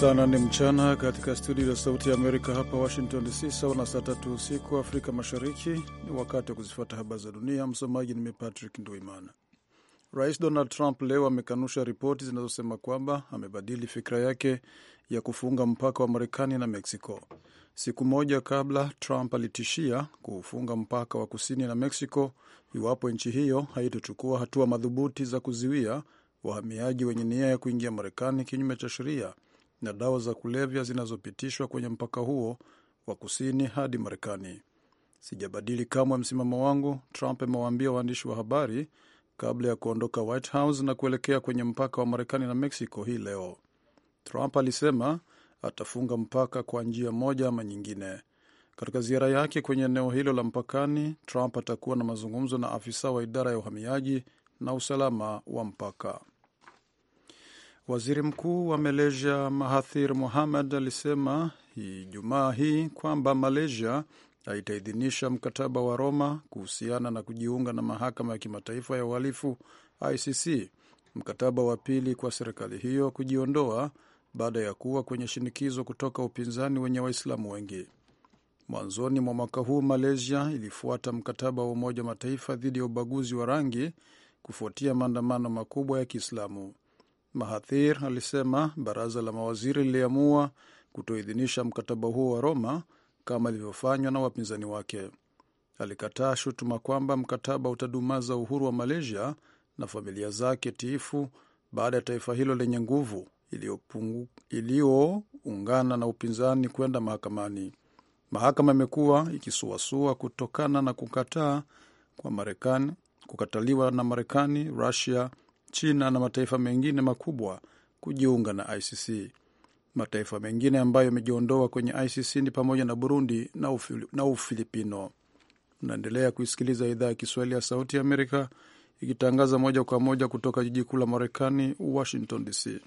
Sana ni mchana katika studio ya Sauti ya Amerika hapa Washington DC, sawa na saa tatu usiku Afrika Mashariki. Ni wakati wa kuzifuata habari za dunia. Msomaji ni Patrick Nduimana. Rais Donald Trump leo amekanusha ripoti zinazosema kwamba amebadili fikira yake ya kufunga mpaka wa Marekani na Mexico. Siku moja kabla, Trump alitishia kuufunga mpaka wa kusini na Mexico iwapo nchi hiyo haitochukua hatua madhubuti za kuziwia wahamiaji wenye nia ya kuingia Marekani kinyume cha sheria na dawa za kulevya zinazopitishwa kwenye mpaka huo wa kusini hadi Marekani. Sijabadili kamwe msimamo wangu, Trump amewaambia waandishi wa habari kabla ya kuondoka White House na kuelekea kwenye mpaka wa Marekani na Mexico hii leo. Trump alisema atafunga mpaka kwa njia moja ama nyingine. Katika ziara yake kwenye eneo hilo la mpakani, Trump atakuwa na mazungumzo na afisa wa idara ya uhamiaji na usalama wa mpaka. Waziri Mkuu wa Malaysia Mahathir muhamad alisema Ijumaa hii kwamba Malaysia haitaidhinisha mkataba wa Roma kuhusiana na kujiunga na mahakama ya kimataifa ya uhalifu ICC, mkataba wa pili kwa serikali hiyo kujiondoa baada ya kuwa kwenye shinikizo kutoka upinzani wenye Waislamu wengi. Mwanzoni mwa mwaka huu Malaysia ilifuata mkataba wa Umoja wa Mataifa dhidi ya ubaguzi wa rangi kufuatia maandamano makubwa ya Kiislamu. Mahathir alisema baraza la mawaziri liliamua kutoidhinisha mkataba huo wa Roma kama ilivyofanywa na wapinzani wake. Alikataa shutuma kwamba mkataba utadumaza uhuru wa Malaysia na familia zake tiifu baada ya taifa hilo lenye nguvu iliyoungana na upinzani kwenda mahakamani. Mahakama imekuwa ikisuasua kutokana na kukataa kwa Marekani, kukataliwa na Marekani, Rusia China na mataifa mengine makubwa kujiunga na ICC. Mataifa mengine ambayo yamejiondoa kwenye ICC ni pamoja na Burundi na Ufilipino. Mnaendelea kuisikiliza idhaa ya Kiswahili ya Sauti ya Amerika ikitangaza moja kwa moja kutoka jiji kuu la Marekani, Washington DC.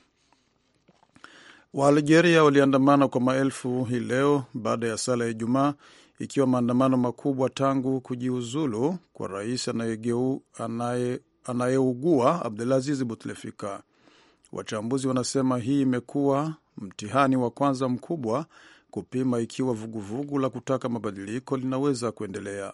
Waalgeria waliandamana kwa maelfu hii leo baada ya sala ya Ijumaa, ikiwa maandamano makubwa tangu kujiuzulu kwa rais anayegeu anaye anayeugua Abdulaziz Butlefika. Wachambuzi wanasema hii imekuwa mtihani wa kwanza mkubwa kupima ikiwa vuguvugu vugu la kutaka mabadiliko linaweza kuendelea.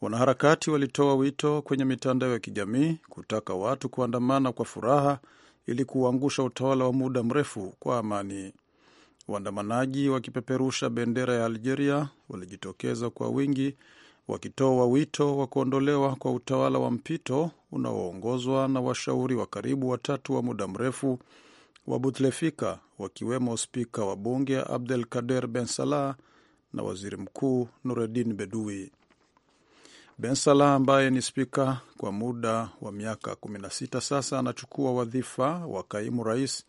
Wanaharakati walitoa wito kwenye mitandao ya kijamii kutaka watu kuandamana kwa furaha ili kuangusha utawala wa muda mrefu kwa amani. Waandamanaji wakipeperusha bendera ya Algeria walijitokeza kwa wingi wakitoa wito wa kuondolewa kwa utawala wa mpito unaoongozwa na washauri wa karibu watatu wa muda mrefu wa Butlefika, wakiwemo spika wa bunge Abdel Kader Ben Salah na waziri mkuu Nureddin Bedui. Ben Salah ambaye ni spika kwa muda wa miaka 16 sasa anachukua wadhifa wa kaimu rais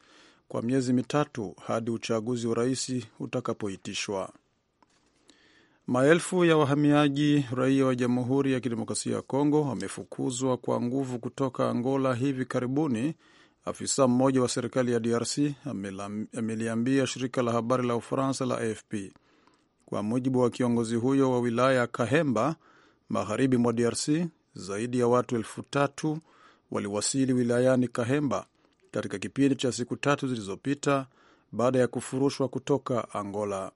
kwa miezi mitatu hadi uchaguzi wa rais utakapoitishwa. Maelfu ya wahamiaji raia wa Jamhuri ya Kidemokrasia ya Kongo wamefukuzwa kwa nguvu kutoka Angola hivi karibuni, afisa mmoja wa serikali ya DRC ameliambia shirika la habari la Ufaransa la AFP. Kwa mujibu wa kiongozi huyo wa wilaya ya Kahemba, magharibi mwa DRC, zaidi ya watu elfu tatu waliwasili wilayani Kahemba katika kipindi cha siku tatu zilizopita baada ya kufurushwa kutoka Angola.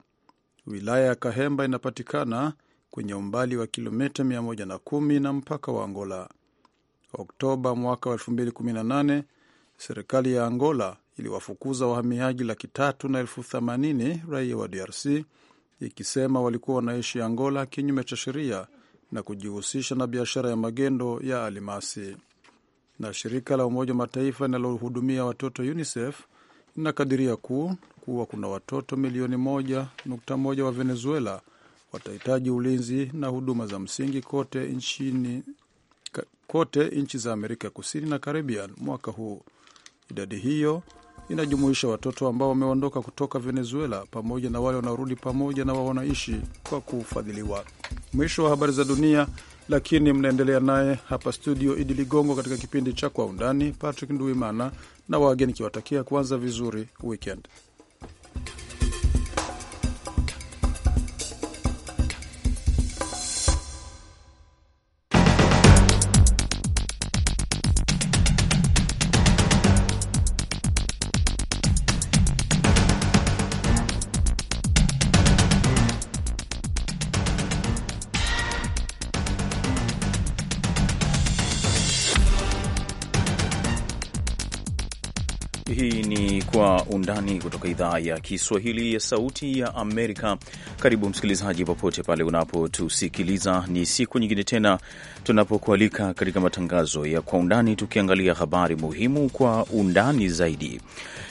Wilaya ya Kahemba inapatikana kwenye umbali wa kilomita 110 na mpaka wa Angola. Oktoba mwaka wa 2018 serikali ya Angola iliwafukuza wahamiaji laki tatu na elfu themanini raia wa DRC ikisema walikuwa wanaishi Angola kinyume cha sheria na kujihusisha na biashara ya magendo ya alimasi. Na shirika la Umoja wa Mataifa linalohudumia watoto UNICEF linakadiria ku kuwa kuna watoto milioni moja nukta moja wa Venezuela watahitaji ulinzi na huduma za msingi kote nchini kote nchi za Amerika Kusini na Caribbean mwaka huu. Idadi hiyo inajumuisha watoto ambao wameondoka kutoka Venezuela pamoja na wale wanaorudi pamoja na wao wanaishi kwa kufadhiliwa. Mwisho wa habari za dunia, lakini mnaendelea naye hapa studio Idi Ligongo katika kipindi cha Kwa Undani. Patrick Nduimana na wageni kiwatakia kuanza vizuri weekend. Undani kutoka idhaa ya Kiswahili ya Sauti ya Amerika. Karibu msikilizaji, popote pale unapotusikiliza, ni siku nyingine tena tunapokualika katika matangazo ya Kwa Undani, tukiangalia habari muhimu kwa undani zaidi.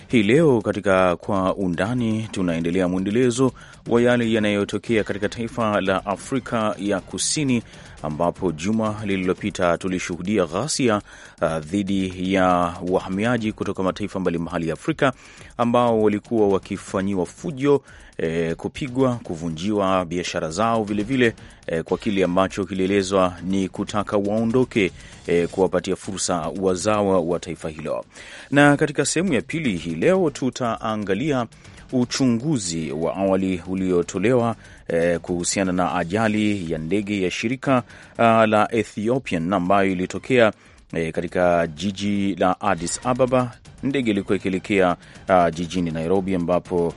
Hii leo katika Kwa Undani tunaendelea mwendelezo wa yale yanayotokea katika taifa la Afrika ya Kusini ambapo juma lililopita tulishuhudia ghasia uh, dhidi ya wahamiaji kutoka mataifa mbalimbali ya Afrika ambao ambao walikuwa wakifanyiwa fujo e, kupigwa, kuvunjiwa biashara zao vilevile vile, e, kwa kile ambacho kilielezwa ni kutaka waondoke, e, kuwapatia fursa wazawa wa taifa hilo. Na katika sehemu ya pili hii leo tutaangalia uchunguzi wa awali uliotolewa e, kuhusiana na ajali ya ndege ya shirika a, la Ethiopian ambayo ilitokea e, katika jiji la Addis Ababa ndege ilikuwa ikielekea uh, jijini Nairobi ambapo uh,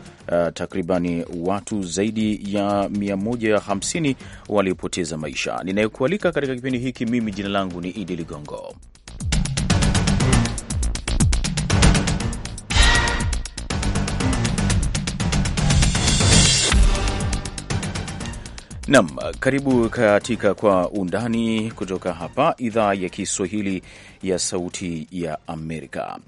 takribani watu zaidi ya 150 waliopoteza maisha. Ninayekualika katika kipindi hiki mimi jina langu ni Idi Ligongo. Nam, karibu katika Kwa Undani kutoka hapa idhaa ya Kiswahili ya Sauti ya Amerika.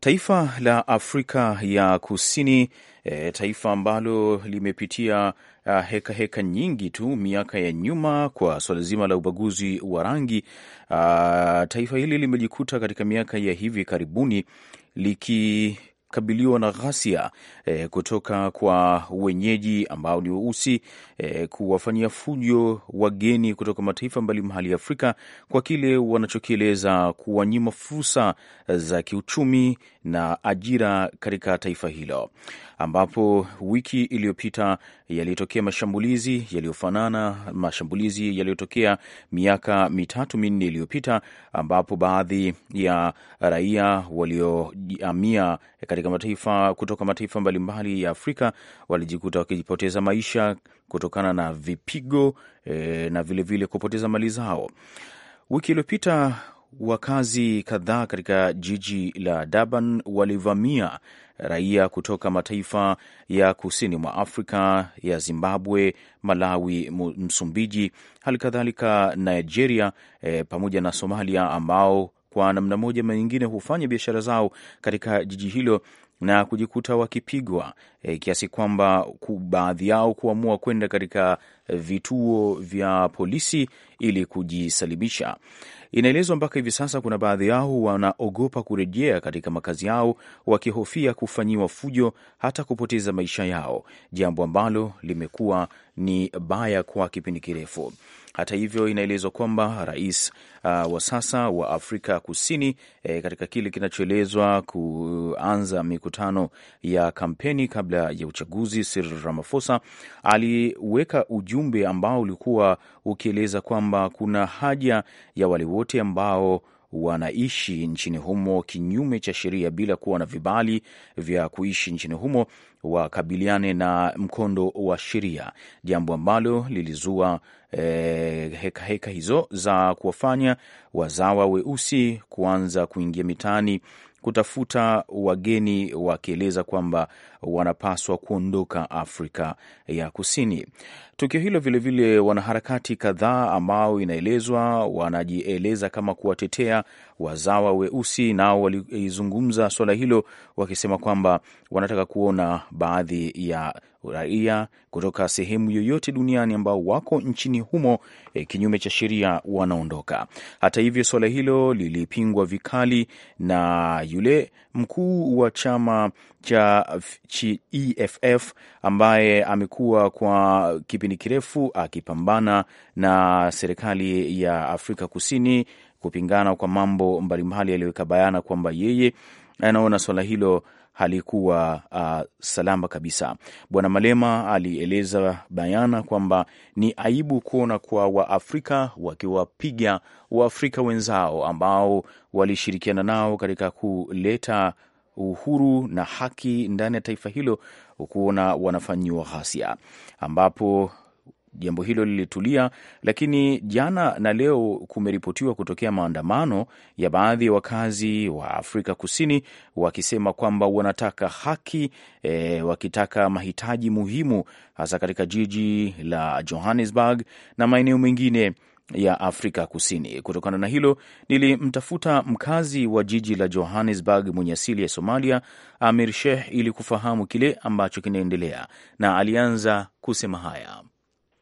Taifa la Afrika ya Kusini e, taifa ambalo limepitia hekaheka heka nyingi tu miaka ya nyuma kwa suala zima la ubaguzi wa rangi. Taifa hili limejikuta katika miaka ya hivi karibuni liki kabiliwa na ghasia e, kutoka kwa wenyeji ambao ni weusi e, kuwafanyia fujo wageni kutoka mataifa mbalimbali ya Afrika kwa kile wanachokieleza kuwanyima fursa za kiuchumi na ajira katika taifa hilo, ambapo wiki iliyopita yalitokea mashambulizi yaliyofanana mashambulizi yaliyotokea miaka mitatu minne iliyopita, ambapo baadhi ya raia waliohamia katika mataifa kutoka mataifa mbalimbali ya Afrika walijikuta wakijipoteza maisha kutokana na vipigo e, na vilevile vile kupoteza mali zao. Wiki iliyopita wakazi kadhaa katika jiji la Durban walivamia raia kutoka mataifa ya kusini mwa Afrika ya Zimbabwe, Malawi, Msumbiji, hali kadhalika Nigeria e, pamoja na Somalia ambao kwa namna moja ama nyingine hufanya biashara zao katika jiji hilo na kujikuta wakipigwa e, kiasi kwamba baadhi yao kuamua kwenda katika vituo vya polisi ili kujisalimisha. Inaelezwa mpaka hivi sasa kuna baadhi yao wanaogopa kurejea katika makazi yao wakihofia kufanyiwa fujo, hata kupoteza maisha yao, jambo ambalo limekuwa ni baya kwa kipindi kirefu. Hata hivyo, inaelezwa kwamba rais uh, wa sasa wa Afrika Kusini e, katika kile kinachoelezwa kuanza mikutano ya kampeni kabla ya uchaguzi, Cyril Ramaphosa aliweka ujumbe ambao ulikuwa ukieleza kwamba kuna haja ya wale wote ambao wanaishi nchini humo kinyume cha sheria bila kuwa na vibali vya kuishi nchini humo wakabiliane na mkondo wa sheria, jambo ambalo lilizua hekaheka eh, heka heka hizo za kuwafanya wazawa weusi kuanza kuingia mitaani kutafuta wageni, wakieleza kwamba wanapaswa kuondoka Afrika ya Kusini. Tukio hilo vilevile, wanaharakati kadhaa ambao inaelezwa wanajieleza kama kuwatetea wazawa weusi, nao walizungumza suala hilo wakisema kwamba wanataka kuona baadhi ya raia kutoka sehemu yoyote duniani ambao wako nchini humo e, kinyume cha sheria wanaondoka. Hata hivyo, suala hilo lilipingwa vikali na yule mkuu wa chama cha EFF e ambaye amekuwa kwa kipindi kirefu akipambana na serikali ya Afrika Kusini kupingana kwa mambo mbalimbali, aliyoweka bayana kwamba yeye anaona swala hilo halikuwa uh, salama kabisa. Bwana Malema alieleza bayana kwamba ni aibu kuona kwa Waafrika wakiwapiga Waafrika wenzao ambao walishirikiana nao katika kuleta uhuru na haki ndani ya taifa hilo kuona wanafanyiwa ghasia, ambapo jambo hilo lilitulia, lakini jana na leo kumeripotiwa kutokea maandamano ya baadhi ya wakazi wa Afrika Kusini wakisema kwamba wanataka haki e, wakitaka mahitaji muhimu hasa katika jiji la Johannesburg na maeneo mengine ya Afrika Kusini. Kutokana na hilo, nilimtafuta mkazi wa jiji la Johannesburg mwenye asili ya Somalia, Amir Sheikh, ili kufahamu kile ambacho kinaendelea, na alianza kusema haya.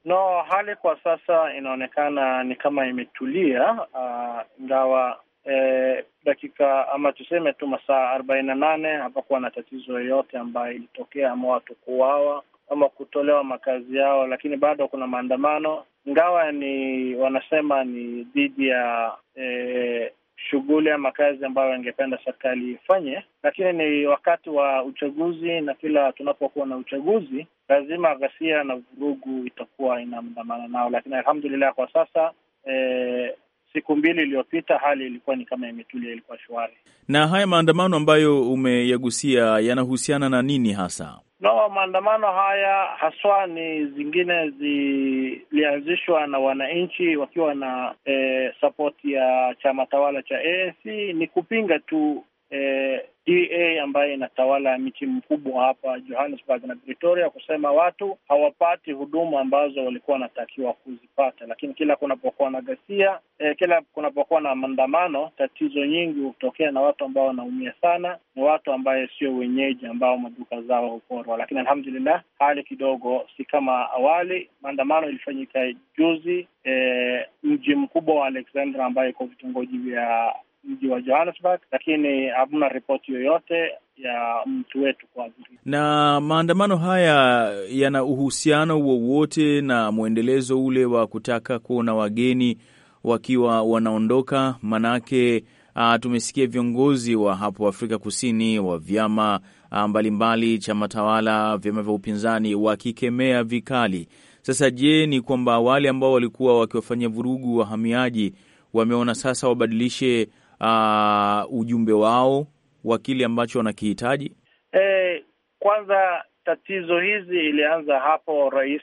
No, hali kwa sasa inaonekana ni kama imetulia ah, ingawa uh, eh, dakika ama tuseme tu masaa arobaini na nane hapakuwa na tatizo yoyote ambayo ilitokea ama watu kuuawa ama kutolewa makazi yao, lakini bado kuna maandamano, ingawa ni wanasema ni dhidi ya eh, shughuli ama kazi ambayo ingependa serikali ifanye, lakini ni wakati wa uchaguzi, na kila tunapokuwa na uchaguzi lazima ghasia na vurugu itakuwa inaandamana nao. Lakini alhamdulillah kwa sasa e, siku mbili iliyopita hali ilikuwa ni kama imetulia, ilikuwa shwari. Na haya maandamano ambayo umeyagusia yanahusiana na nini hasa? No, maandamano haya haswa ni zingine zilianzishwa na wananchi wakiwa na e, eh, sapoti ya chama tawala cha ANC. Ni kupinga tu eh, DA e ambaye inatawala mji mkubwa hapa Johannesburg na Pretoria kusema watu hawapati huduma ambazo walikuwa wanatakiwa kuzipata, lakini kila kunapokuwa na ghasia eh, kila kunapokuwa na maandamano, tatizo nyingi hutokea na watu ambao wanaumia sana ni watu ambaye sio wenyeji, ambao maduka zao huporwa. Lakini alhamdulillah, hali kidogo si kama awali. Maandamano ilifanyika juzi eh, mji mkubwa wa Alexandra ambaye iko vitongoji vya mji wa Johannesburg, lakini hamna ripoti yoyote ya mtu wetu kwa Na maandamano haya yana uhusiano wowote na mwendelezo ule wa kutaka kuona wageni wakiwa wanaondoka? Manake uh, tumesikia viongozi wa hapo Afrika Kusini wa vyama ah, mbalimbali, chama tawala, vyama vya upinzani wakikemea vikali. Sasa je, ni kwamba wale ambao walikuwa wakiwafanyia vurugu wahamiaji wameona sasa wabadilishe uh, ujumbe wao wa kile ambacho wanakihitaji? E, kwanza tatizo hizi ilianza hapo rais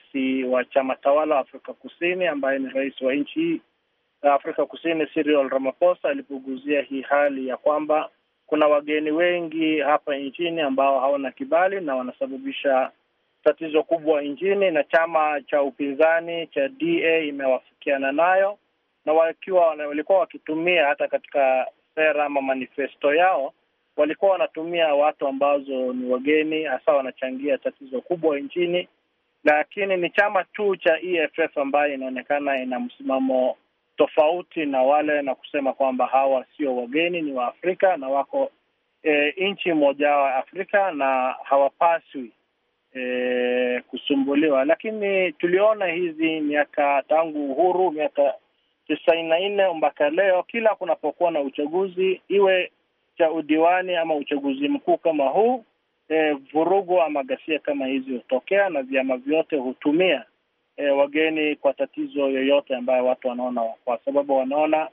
wa chama tawala wa Afrika Kusini ambaye ni rais wa nchi hii Afrika Kusini Cyril Ramaphosa alipoguzia hii hali ya kwamba kuna wageni wengi hapa nchini ambao hawana kibali na wanasababisha tatizo kubwa nchini, na chama cha upinzani cha DA imewafikiana nayo na wakiwa walikuwa wakitumia hata katika sera ama manifesto yao, walikuwa wanatumia watu ambazo ni wageni, hasa wanachangia tatizo kubwa nchini. Lakini ni chama tu cha EFF ambayo inaonekana ina msimamo tofauti na wale na kusema kwamba hawa sio wageni, ni Waafrika na wako e, nchi moja wa Afrika na hawapaswi e, kusumbuliwa. Lakini tuliona hizi miaka tangu uhuru miaka tisaini na nne mpaka leo, kila kunapokuwa na uchaguzi, iwe cha udiwani ama uchaguzi mkuu kama huu e, vurugu ama ghasia kama hizi hutokea na vyama vyote hutumia e, wageni kwa tatizo yoyote ambayo watu wanaona, kwa sababu wanaona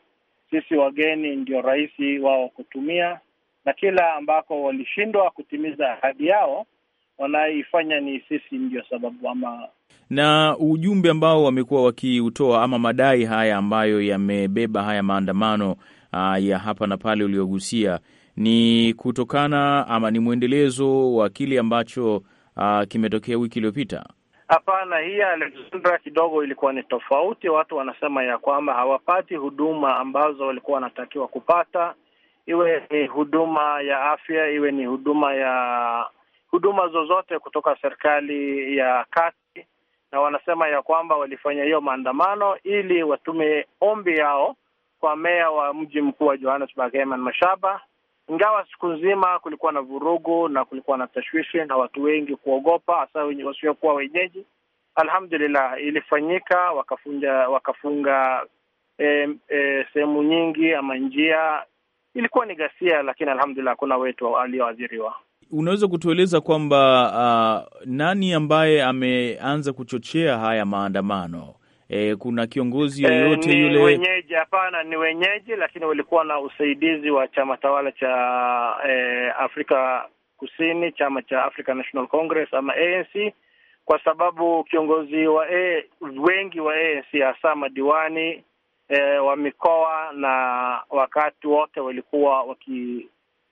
sisi wageni ndio rahisi wao kutumia, na kila ambako walishindwa kutimiza ahadi yao wanaifanya ni sisi ndio sababu ama na ujumbe ambao wamekuwa wakiutoa ama madai haya ambayo yamebeba haya maandamano uh, ya hapa na pale uliogusia ni kutokana ama ni mwendelezo wa kile ambacho uh, kimetokea wiki iliyopita. Hapana, hii Alexandra kidogo ilikuwa ni tofauti. Watu wanasema ya kwamba hawapati huduma ambazo walikuwa wanatakiwa kupata, iwe ni huduma ya afya, iwe ni huduma ya huduma zozote kutoka serikali ya kati na wanasema ya kwamba walifanya hiyo maandamano ili watume ombi yao kwa meya wa mji mkuu wa Johannesburg Herman Mashaba. Ingawa siku nzima kulikuwa na vurugu na kulikuwa na tashwishi na watu wengi kuogopa, hasa wasiokuwa wenyeji, alhamdulillah ilifanyika, wakafunja wakafunga e, e, sehemu nyingi ama njia. Ilikuwa ni ghasia, lakini alhamdulillah hakuna wetu walioadhiriwa unaweza kutueleza kwamba uh, nani ambaye ameanza kuchochea haya maandamano? E, kuna kiongozi eh, yoyote e, yule? Wenyeji? Hapana, ni wenyeji, lakini walikuwa na usaidizi wa chama tawala cha e, Afrika Kusini, chama cha African National Congress ama ANC, kwa sababu kiongozi wa e, wengi wa ANC hasa madiwani e, wa mikoa na wakati wote walikuwa waki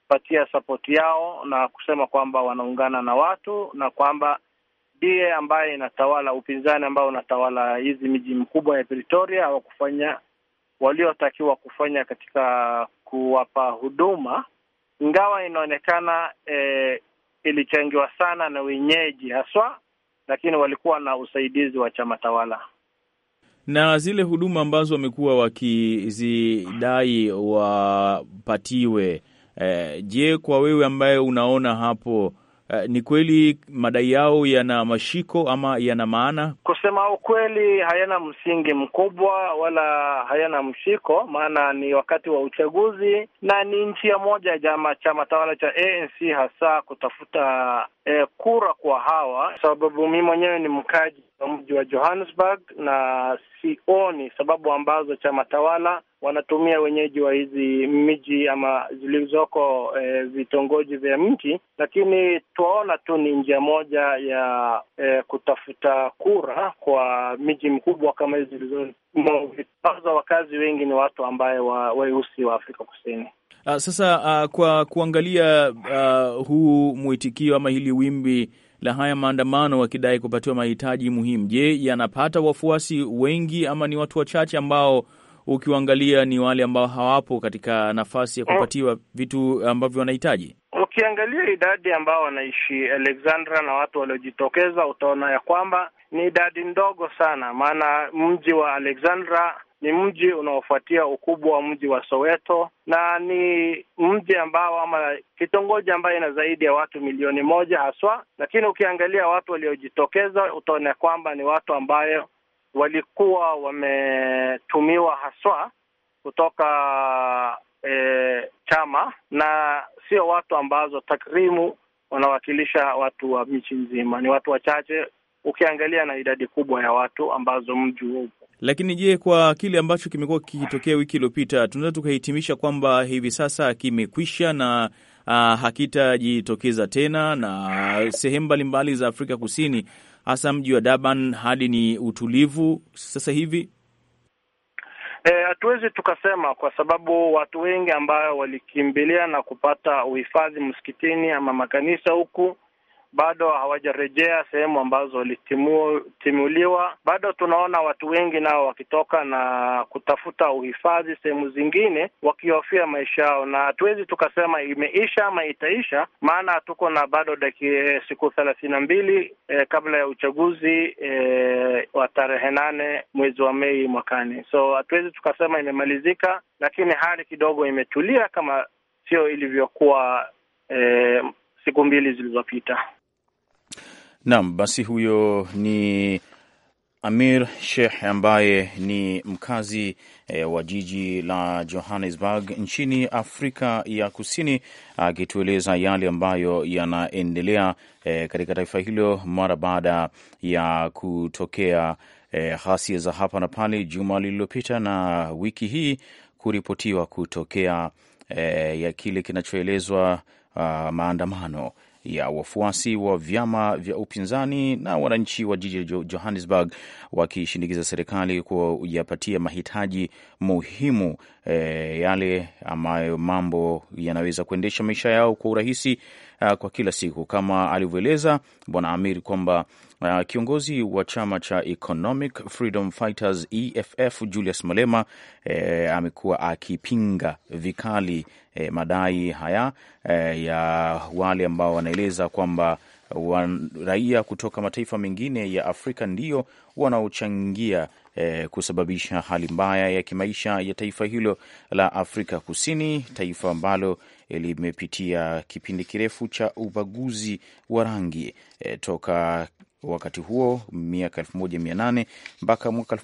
kupatia sapoti yao na kusema kwamba wanaungana na watu na kwamba ndiye ambaye inatawala upinzani ambao unatawala hizi miji mikubwa ya Pretoria hawakufanya waliotakiwa kufanya katika kuwapa huduma, ingawa inaonekana e, ilichangiwa sana na wenyeji haswa, lakini walikuwa na usaidizi wa chama tawala na zile huduma ambazo wamekuwa wakizidai wapatiwe Eh, je, kwa wewe ambaye unaona hapo Uh, ni kweli madai yao yana mashiko ama yana maana? Kusema ukweli, hayana msingi mkubwa wala hayana mshiko, maana ni wakati wa uchaguzi na ni nchi ya moja jama chama tawala cha ANC hasa kutafuta eh, kura kwa hawa, sababu mi mwenyewe ni mkaji wa mji wa Johannesburg na sioni sababu ambazo chama tawala wanatumia wenyeji wa hizi miji ama zilizoko e, vitongoji vya mji, lakini twaona tu ni njia moja ya e, kutafuta kura kwa miji mkubwa kama hizi zilizoaza. Wakazi wengi ni watu ambaye weusi wa, wa Afrika Kusini. Uh, sasa uh, kwa kuangalia uh, huu mwitikio ama hili wimbi la haya maandamano wakidai kupatiwa mahitaji muhimu, je, yanapata wafuasi wengi ama ni watu wachache ambao ukiwaangalia ni wale ambao hawapo katika nafasi ya mm. kupatiwa vitu ambavyo wanahitaji. Ukiangalia idadi ambao wanaishi Alexandra na watu waliojitokeza, utaona ya kwamba ni idadi ndogo sana, maana mji wa Alexandra ni mji unaofuatia ukubwa wa mji wa Soweto na ni mji ambao ama kitongoji ambayo ina zaidi ya watu milioni moja haswa, lakini ukiangalia watu waliojitokeza utaona kwamba ni watu ambayo walikuwa wametumiwa haswa kutoka e, chama na sio watu ambazo takrimu wanawakilisha watu wa michi nzima, ni watu wachache ukiangalia na idadi kubwa ya watu ambazo mji huo upo. Lakini je, kwa kile ambacho kimekuwa kikitokea wiki iliyopita, tunaweza tukahitimisha kwamba hivi sasa kimekwisha na uh, ah, hakitajitokeza tena, na sehemu mbalimbali za Afrika Kusini hasa mji wa Durban, hali ni utulivu sasa hivi? Eh, hatuwezi e, tukasema kwa sababu watu wengi ambao walikimbilia na kupata uhifadhi msikitini ama makanisa huku bado hawajarejea sehemu ambazo walitimuliwa. Bado tunaona watu wengi nao wakitoka na kutafuta uhifadhi sehemu zingine, wakihofia maisha yao, na hatuwezi tukasema imeisha ama itaisha, maana tuko na bado daki eh, siku thelathini na mbili eh, kabla ya uchaguzi eh, wa tarehe nane mwezi wa Mei mwakani. So hatuwezi tukasema imemalizika, lakini hali kidogo imetulia, kama sio ilivyokuwa eh, siku mbili zilizopita. Naam, basi huyo ni Amir Sheikh ambaye ni mkazi e, wa jiji la Johannesburg nchini Afrika ya Kusini akitueleza yale ambayo yanaendelea e, katika taifa hilo mara baada ya kutokea e, ghasia za hapa na pale juma lililopita na wiki hii kuripotiwa kutokea e, ya kile kinachoelezwa ah, maandamano ya wafuasi wa vyama vya upinzani na wananchi wa jiji la Johannesburg wakishinikiza serikali kuyapatia mahitaji muhimu e, yale ambayo mambo yanaweza kuendesha maisha yao kwa urahisi a, ah, kwa kila siku, kama alivyoeleza Bwana Amir kwamba Uh, kiongozi wa chama cha Economic Freedom Fighters EFF Julius Malema eh, amekuwa akipinga vikali eh, madai haya eh, ya wale ambao wanaeleza kwamba raia kutoka mataifa mengine ya Afrika ndio wanaochangia eh, kusababisha hali mbaya ya kimaisha ya taifa hilo la Afrika Kusini, taifa ambalo eh, limepitia kipindi kirefu cha ubaguzi wa rangi e, toka wakati huo miaka nane mpaka mwaka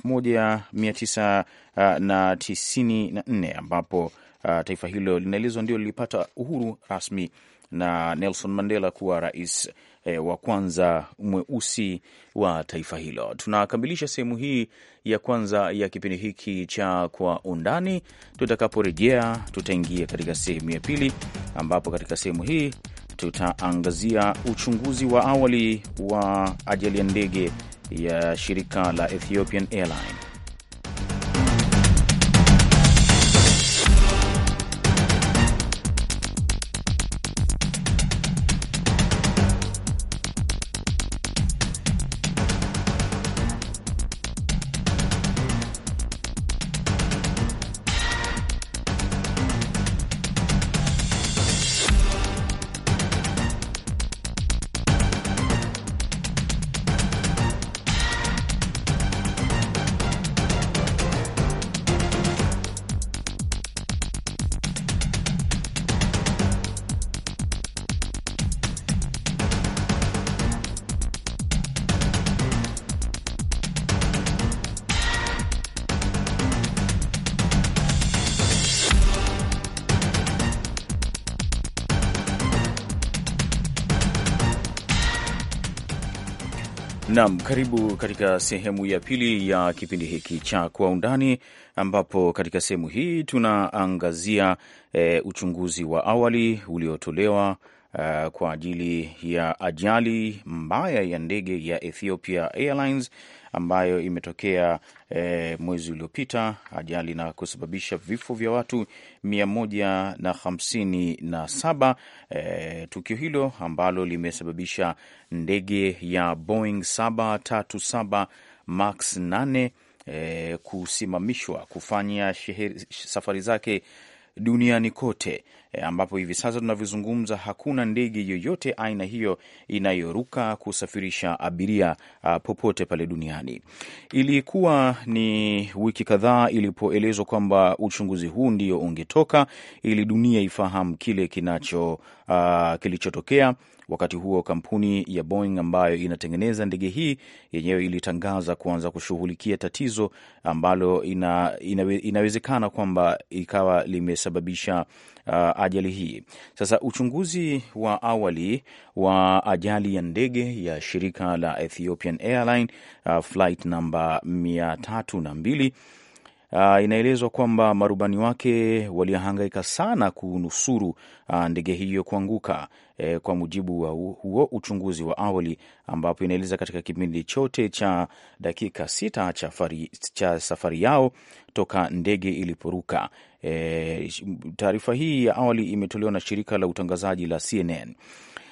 nne ambapo uh, taifa hilo linaelezwa ndio lilipata uhuru rasmi na Nelson Mandela kuwa rais E, wa kwanza mweusi wa taifa hilo. Tunakamilisha sehemu hii ya kwanza ya kipindi hiki cha Kwa Undani. Tutakaporejea tutaingia katika sehemu ya pili, ambapo katika sehemu hii tutaangazia uchunguzi wa awali wa ajali ya ndege ya shirika la Ethiopian Airline. Naam, karibu katika sehemu ya pili ya kipindi hiki cha Kwa Undani, ambapo katika sehemu hii tunaangazia e, uchunguzi wa awali uliotolewa Uh, kwa ajili ya ajali mbaya ya ndege ya Ethiopia Airlines ambayo imetokea e, mwezi uliopita, ajali na kusababisha vifo vya watu mia moja na hamsini na saba. E, tukio hilo ambalo limesababisha ndege ya Boeing 737 Max 8 e, eh, kusimamishwa kufanya safari zake duniani kote e, ambapo hivi sasa tunavyozungumza hakuna ndege yoyote aina hiyo inayoruka kusafirisha abiria a, popote pale duniani. Ilikuwa ni wiki kadhaa ilipoelezwa kwamba uchunguzi huu ndio ungetoka ili dunia ifahamu kile kinacho a, kilichotokea. Wakati huo kampuni ya Boeing ambayo inatengeneza ndege hii yenyewe ilitangaza kuanza kushughulikia tatizo ambalo ina, inawe, inawezekana kwamba ikawa limesababisha uh, ajali hii. Sasa uchunguzi wa awali wa ajali ya ndege ya shirika la Ethiopian Airline uh, flight namba mia tatu na mbili Uh, inaelezwa kwamba marubani wake walihangaika sana kunusuru uh, ndege hiyo kuanguka, eh, kwa mujibu wa huo uchunguzi wa awali, ambapo inaeleza katika kipindi chote cha dakika sita cha, fari, cha safari yao toka ndege iliporuka. Eh, taarifa hii ya awali imetolewa na shirika la utangazaji la CNN.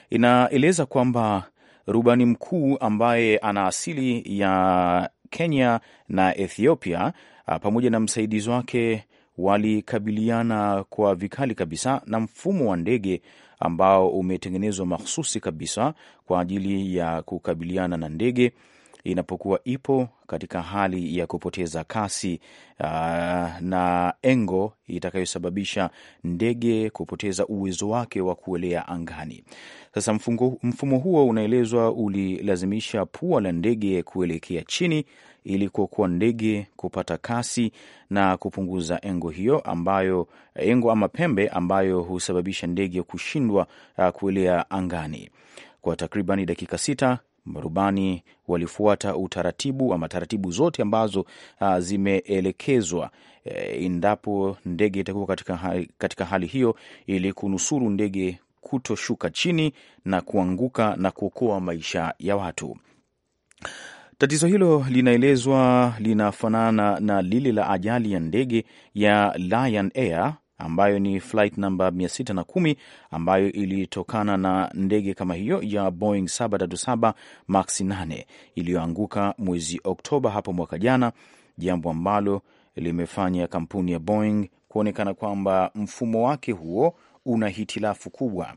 Inaeleza kwamba rubani mkuu ambaye ana asili ya Kenya na Ethiopia Ah, pamoja na msaidizi wake walikabiliana kwa vikali kabisa na mfumo wa ndege ambao umetengenezwa makhususi kabisa kwa ajili ya kukabiliana na ndege inapokuwa ipo katika hali ya kupoteza kasi uh, na engo itakayosababisha ndege kupoteza uwezo wake wa kuelea angani. Sasa mfungo, mfumo huo unaelezwa ulilazimisha pua la ndege kuelekea chini ili kuokoa ndege kupata kasi na kupunguza engo hiyo ambayo engo ama pembe ambayo husababisha ndege kushindwa ah, kuelea angani. Kwa takribani dakika sita marubani walifuata utaratibu ama taratibu zote ambazo ah, zimeelekezwa eh, endapo ndege itakuwa katika hali, katika hali hiyo ili kunusuru ndege kutoshuka chini na kuanguka na kuokoa maisha ya watu. Tatizo hilo linaelezwa linafanana na lile la ajali ya ndege ya Lion Air ambayo ni flight namba 610 ambayo ilitokana na ndege kama hiyo ya Boeing 737 Max 8 iliyoanguka mwezi Oktoba hapo mwaka jana, jambo ambalo limefanya kampuni ya Boeing kuonekana kwamba mfumo wake huo una hitilafu kubwa,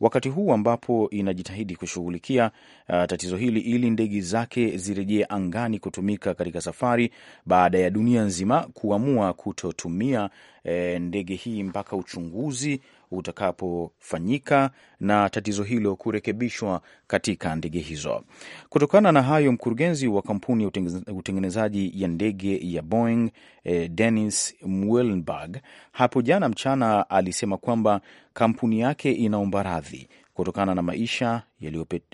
wakati huu ambapo inajitahidi kushughulikia uh, tatizo hili ili ndege zake zirejee angani kutumika katika safari baada ya dunia nzima kuamua kutotumia eh, ndege hii mpaka uchunguzi utakapofanyika na tatizo hilo kurekebishwa katika ndege hizo. Kutokana na hayo, mkurugenzi wa kampuni ya utengenezaji ya ndege ya Boeing eh, Dennis Muilenburg hapo jana mchana alisema kwamba kampuni yake inaomba radhi kutokana na maisha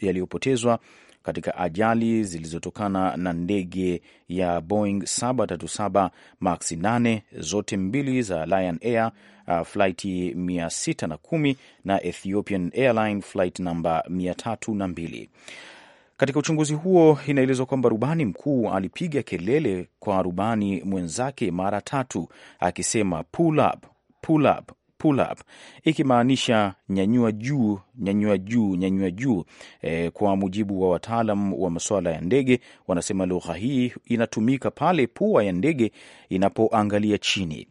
yaliyopotezwa katika ajali zilizotokana na ndege ya Boeing 737 Max 8 zote mbili za Lion Air uh, flight 610 na Ethiopian Airline flight namba 302. Katika uchunguzi huo inaelezwa kwamba rubani mkuu alipiga kelele kwa rubani mwenzake mara tatu akisema pull up, pull up, pull up, ikimaanisha nyanyua juu, nyanyua juu, nyanyua juu. E, kwa mujibu wa wataalam wa masuala ya ndege, wanasema lugha hii inatumika pale pua ya ndege inapoangalia chini.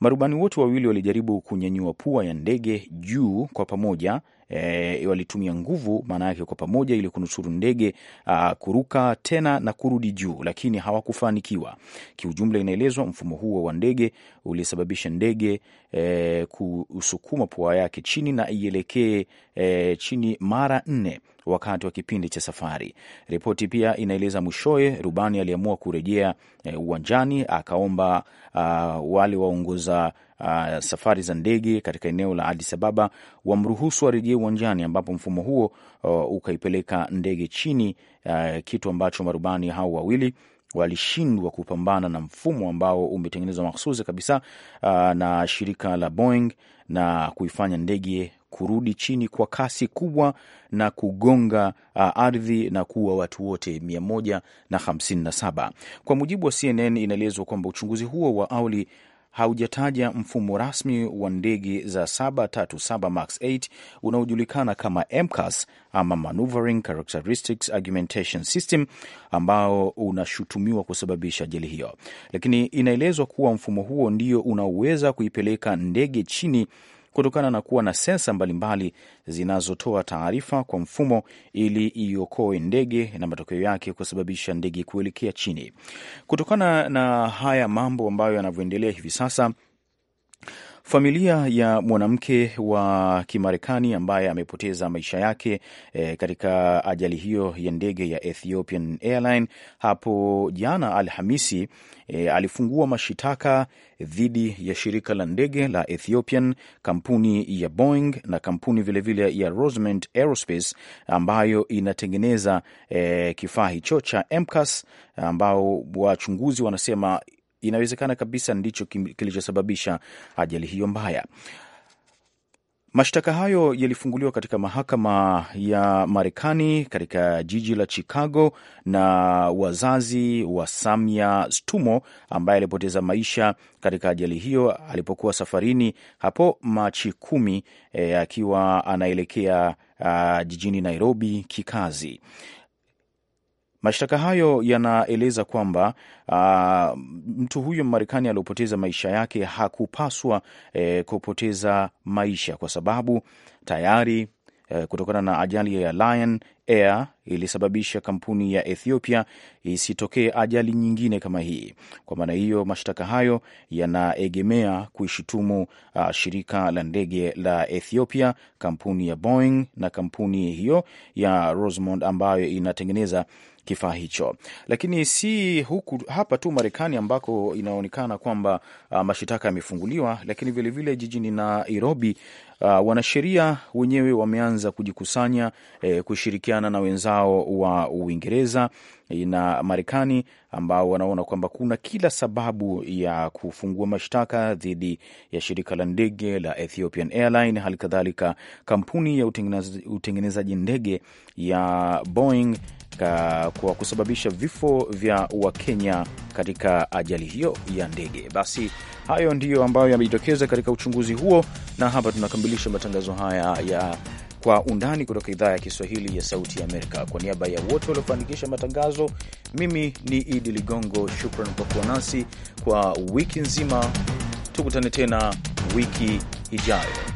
Marubani wote wawili walijaribu kunyanyua pua ya ndege juu kwa pamoja. E, walitumia nguvu maana yake kwa pamoja ili kunusuru ndege a, kuruka tena na kurudi juu, lakini hawakufanikiwa. Kiujumla, inaelezwa mfumo huo wa ndege ulisababisha ndege e, kusukuma pua yake chini na ielekee e, chini mara nne wakati wa kipindi cha safari. Ripoti pia inaeleza mwishoye rubani aliamua kurejea e, uwanjani akaomba uh, wale waongoza Uh, safari za ndege katika eneo la Addis Ababa wamruhusu arejee uwanjani, ambapo mfumo huo uh, ukaipeleka ndege chini, uh, kitu ambacho marubani hao wawili walishindwa kupambana na mfumo ambao umetengenezwa mahsusi kabisa uh, na shirika la Boeing na kuifanya ndege kurudi chini kwa kasi kubwa na kugonga uh, ardhi na kuua watu wote 157. Kwa mujibu wa CNN, inaelezwa kwamba uchunguzi huo wa awali haujataja mfumo rasmi wa ndege za 737 MAX 8 unaojulikana kama MCAS ama Maneuvering Characteristics Augmentation System ambao unashutumiwa kusababisha ajali hiyo, lakini inaelezwa kuwa mfumo huo ndio unaoweza kuipeleka ndege chini kutokana na kuwa na sensa mbalimbali zinazotoa taarifa kwa mfumo ili iokoe ndege na matokeo yake kusababisha ndege kuelekea chini. Kutokana na haya mambo ambayo yanavyoendelea hivi sasa Familia ya mwanamke wa Kimarekani ambaye amepoteza maisha yake e, katika ajali hiyo ya ndege ya Ethiopian Airline hapo jana Alhamisi e, alifungua mashitaka dhidi ya shirika la ndege la Ethiopian, kampuni ya Boeing na kampuni vilevile vile ya Rosemont Aerospace ambayo inatengeneza e, kifaa hicho cha MCAS ambao wachunguzi wanasema inawezekana kabisa ndicho kilichosababisha ajali hiyo mbaya. Mashtaka hayo yalifunguliwa katika mahakama ya Marekani katika jiji la Chicago na wazazi wa Samya Stumo ambaye alipoteza maisha katika ajali hiyo alipokuwa safarini hapo Machi kumi e, akiwa anaelekea a, ah, jijini Nairobi kikazi. Mashtaka hayo yanaeleza kwamba uh, mtu huyo marekani aliopoteza maisha yake hakupaswa eh, kupoteza maisha kwa sababu tayari eh, kutokana na ajali ya Lion Air ilisababisha kampuni ya Ethiopia isitokee ajali nyingine kama hii. Kwa maana hiyo, mashtaka hayo yanaegemea kuishutumu uh, shirika la ndege la Ethiopia, kampuni ya Boeing na kampuni hiyo ya Rosemont ambayo inatengeneza kifaa hicho. Lakini si huku hapa tu Marekani ambako inaonekana kwamba uh, mashitaka yamefunguliwa, lakini vilevile vile jijini Nairobi uh, wanasheria wenyewe wameanza kujikusanya eh, kushirikiana na wenzao mtandao wa Uingereza na Marekani ambao wanaona kwamba kuna kila sababu ya kufungua mashtaka dhidi ya shirika la ndege la Ethiopian Airline, hali kadhalika kampuni ya utengenezaji ndege ya Boeing kwa kusababisha vifo vya Wakenya katika ajali hiyo ya ndege. Basi hayo ndiyo ambayo yamejitokeza katika uchunguzi huo, na hapa tunakamilisha matangazo haya ya kwa undani kutoka idhaa ya Kiswahili ya Sauti ya Amerika. Kwa niaba ya wote waliofanikisha matangazo, mimi ni Idi Ligongo. Shukran kwa kuwa nasi kwa wiki nzima. Tukutane tena wiki ijayo.